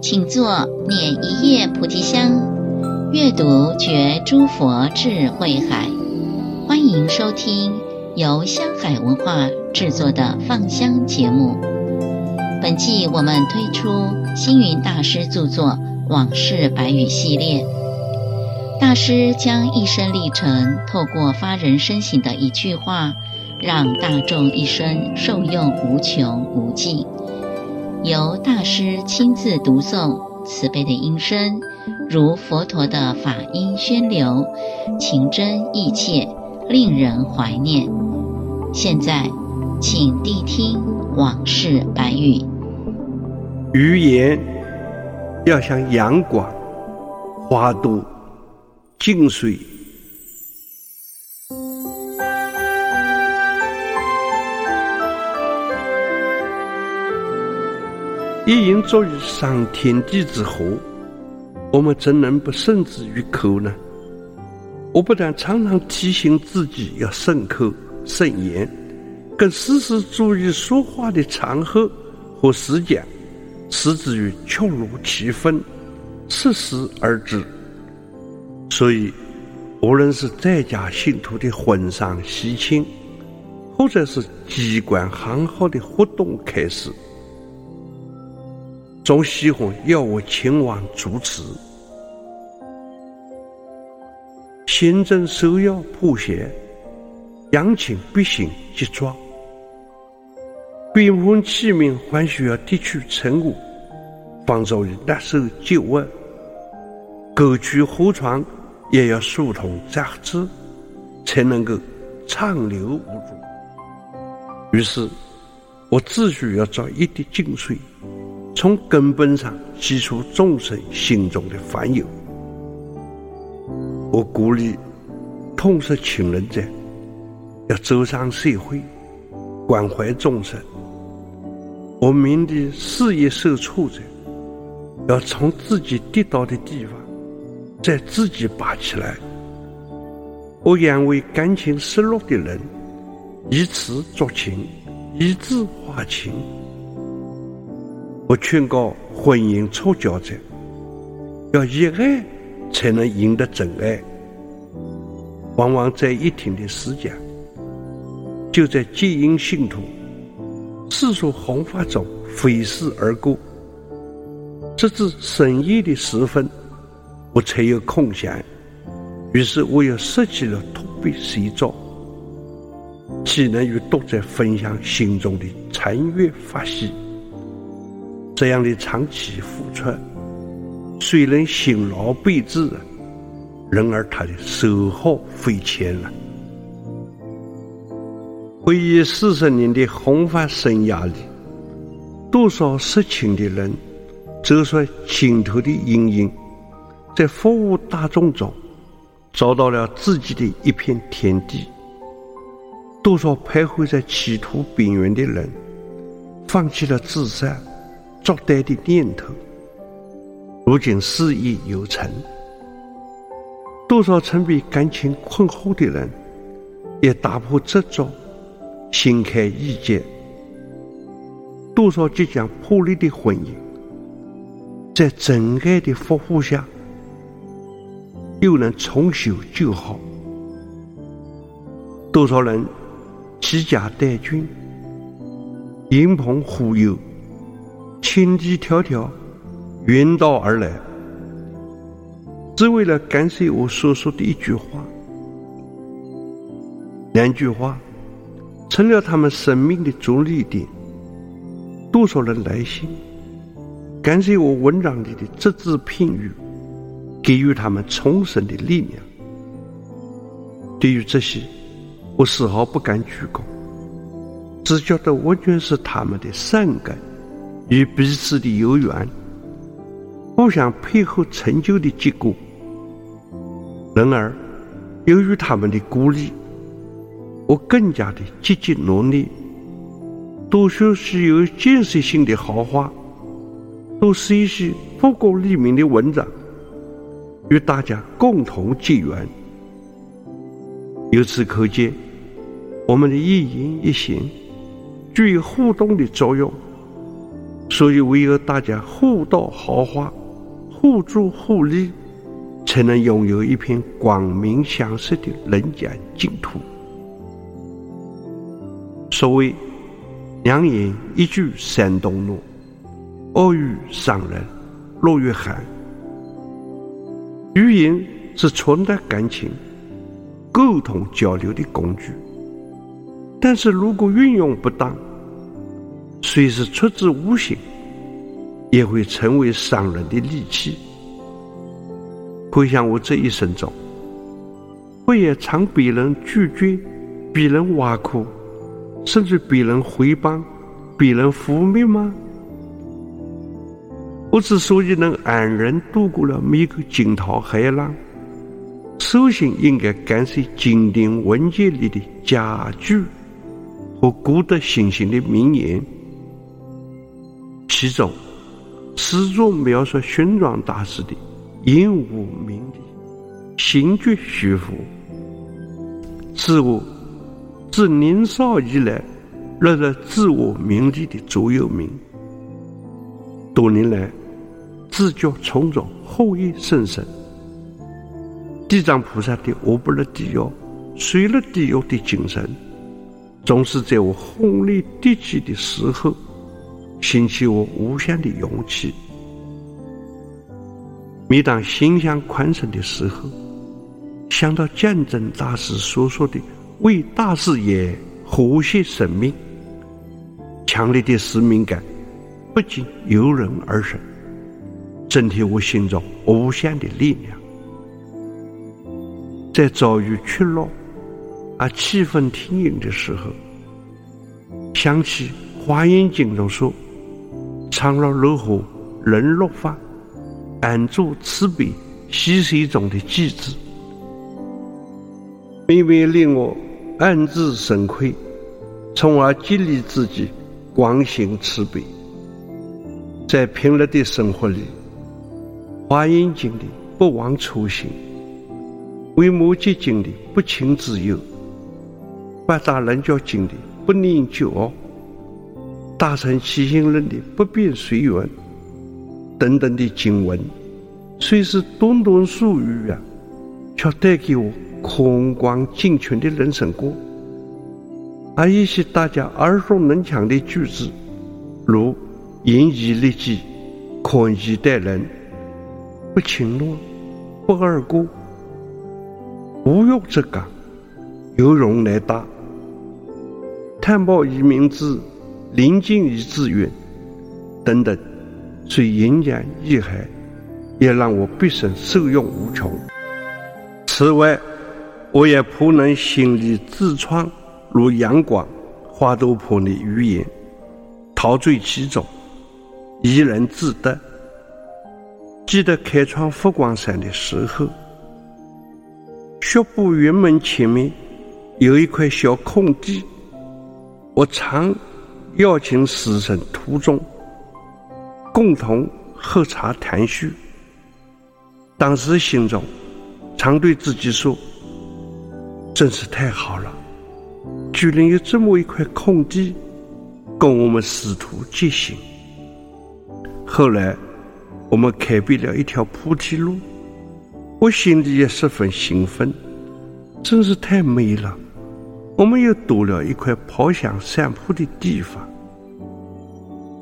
請坐，捻一葉菩提香，閱讀覺諸佛智慧海。歡迎收聽由香海文化製作的放香節目。本季我們推出星雲大師著作《往事百語》系列，大師將一生歷程透過發人深省的一句話，讓大眾一生受用無窮無盡。由大師親自讀誦，慈悲的音聲如佛陀的法音宣流，情真意切，令人懷念。現在，請諦聽。往事百語，語言要像陽光、花朵、淨水，一言足以傷天地之和。我們怎能不慎之於口呢？我不但常常提醒自己要慎口、慎言。跟時時注意說話的場合和時間，使之恰如其分，適時而止。所以，無論是在家信徒的婚喪喜慶，或者是機關行號的活動開始，總喜歡邀我前往主持。行政首要破邪，揚清必行即裝。追風器皿，還需要剔除塵垢，方足以得受極樂；溝渠河床也要疏通雜質，才能夠暢流無阻。於是，我自許要造一滴淨水，從根本上洗除眾生心中的煩憂。我鼓勵痛失親人者要走上社會，關懷眾生。我們的事業受挫折，要從自己跌倒的地方再自己爬起來。我願為感情失落的人，以詞作情，以智化情。我勸告婚姻觸礁者，要以愛才能贏得真愛。往往在一天的時間，就在接引信徒。四處弘法中飛逝而過，直至深夜的時分，我才有空閒。於是我又拾起了禿筆寫作，既能與讀者分享心中的禪悅法喜。這樣的長期付出，雖能辛勞備至，然而他的收穫匪淺了。回憶四十年的弘法生涯裡，多少癡情的人走出心頭的陰影，在服務大眾中找，找到了自己的一片天地。多少徘徊在歧途邊緣的人，放棄了自殺、作歹的念頭，如今事業有成。多少曾被感情困惑的人，也打破執着。心開意解。多少即將破裂的婚姻，在真愛的呵護下，又能重修舊好。多少人攜家帶眷，迎朋呼友，千里迢迢，遠道而來，只為了感謝我所說，說的一句話，兩句話。成了他們生命的着力點。多少人來信，感謝我文章裡的只字片語，給予他們重生的力量。對於這些，我絲毫不敢居功，只覺得完全是他們的善感與彼此的有緣，互相配合成就的結果。然而，由於他們的鼓勵，我更加的積極努力，多說些有建設性的好話，多寫一些富國利民的文章，與大家共同結緣。由此可見，我們的一言一行具有互動的作用，所以唯有大家互道好話，互助互利，才能擁有一片光明祥和的人間淨土。所謂，“良言一句三冬暖，惡語傷人六月寒。”語言是傳達感情、溝通交流的工具，但是如果運用不當，雖是出自無心，也會成為傷人的利器。回想我這一生中，不也常被人拒絕，被人挖苦，甚至被人毀謗，被人污衊嗎？我之所以能安然度過了每個驚濤駭浪，首先應該感謝經典文件裡的佳句和古德心性的名言，其中始終描述玄奘大師的言無名利，行絕虛浮，自我。自年少以來，認識自我名利的座右銘。多年來，自覺從中獲益甚深。地藏菩薩的我不入地獄、誰入地獄的精神，總是在我轟烈跌急的時候，興起我無限的勇氣。每當心象寬伸的時候，想到鑒真大師所說，說的。為大事業、和諧生命、強烈的使命感，不禁油然而生，增添我心中無限的力量。在遭遇屈辱而氣憤填膺的時候，想起《華嚴經》中說：“常樂柔和忍辱法，安住慈悲喜舍中的偈子”，每每令我。暗自慚愧，從而激勵自己廣行慈悲。在平日的生活裡，華嚴經裡不忘初心，維摩詰經裡不請自由，八大人覺經裡不念舊惡，大乘起信論的不變隨緣等等的經文，雖是短短數語啊，卻帶給我。空光盡全的人生觀，而一些大家耳熟能詳的句子，如“嚴以律己，寬以待人”，“不遷怒，不貳過”，“無欲則剛，有容乃大”，“淡泊以明志，寧靜以致遠”等等，雖言簡意賅，也讓我畢生受用無窮。此外，我也頗能心理自創如陽光，花朵般的語言，陶醉其中，怡然自得。記得開創佛光山的時候，學部院門前面有一塊小空地，我常邀請師生徒眾，共同喝茶談敘。當時心中常對自己說。真是太好了，居然有這麼一塊空地供我們師徒經行。後來我們開闢了一條菩提路，我心裡也十分興奮，真是太美了。我們又多了一塊跑香散步的地方。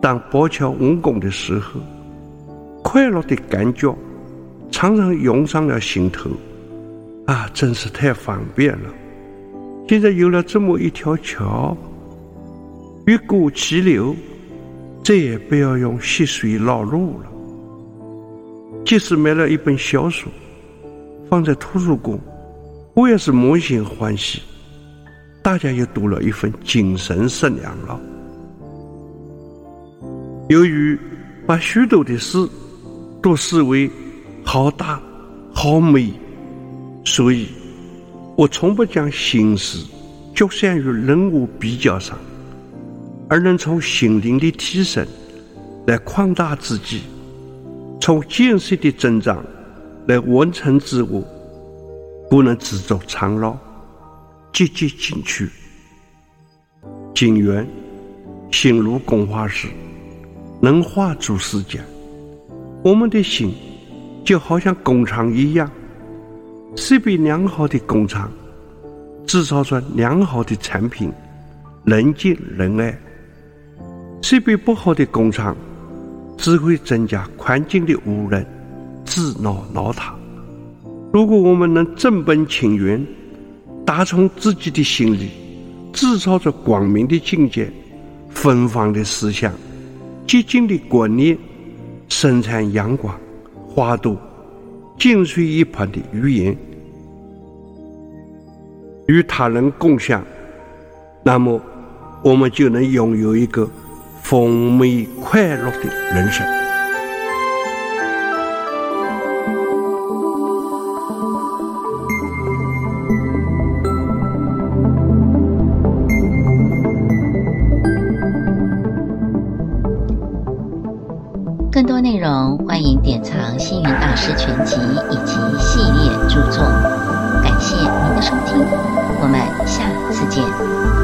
當寶橋完工的時候，快樂的感覺常常湧上了心頭。啊，真是太方便了！現在有了這麼一條橋，越過急流，再也不要用溪水繞路了。即使買了一本小說，放在圖書館，我也是滿心歡喜。大家又多了一份精神食糧了。由於把許多的事都視為好大好美。所以，我從不將心思局限於人物比較上，而能從心靈的提升來擴大自己，從見識的增長來完成自我，不能執着纏繞，積極進取。經云，心如工畫師，能畫出世界。我們的心，就好像工廠一樣。設備良好的工廠，製造出良好的產品，人見人愛；設備不好的工廠，只會增加環境的污染，自惱惱他。如果我們能正本清源，打從自己的心裡，製造出光明的境界、芬芳的思想、潔淨的觀念，生產陽光、花朵、淨水一般的語言，與他人共享，那麼我們就能擁有一個豐美快樂的人生。更多內容，歡迎典藏星雲大師全集以及系列著作。感謝您的收聽，我們下次見。